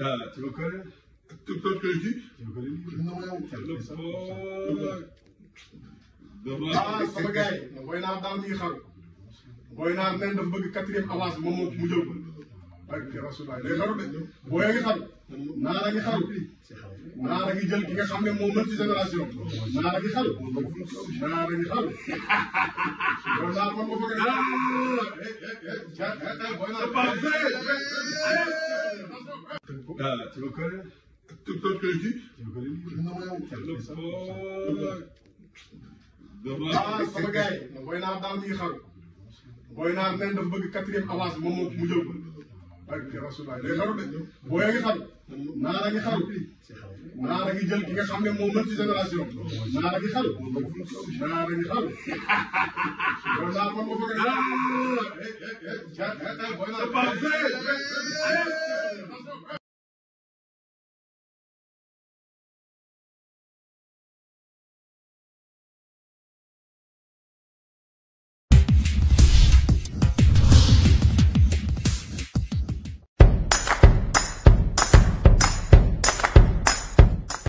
Ah, tu le connais Top Kennedy Tu le connais Non, non. Ah, sama gars yi booy naa daal mi ngi xam booy naa nen dafa bëgg quatrième avance moom moo mu jël ko. barke Rasulullah day xaru de booy a ngi xaru naar a ngi xaru naar a ngi jël ki nga xam ne moo mën ci génération naar a ngi xaru naar a ngi xaru yow naar moom nga bëgg a. Ah, tu lo colle Tutti Non è un calcio. gars yi booy naa daal mi ngi xam booy naa nen dafa bëgg quatrième avance moom moo mu jël ko. ak rasulaay day xaru de booy a ngi xaru naar a ngi xaru naar a ngi jël ki nga xam ne moo mën ci génération naar a ngi xaru naar a ngi xaru naar moom moo bëgg a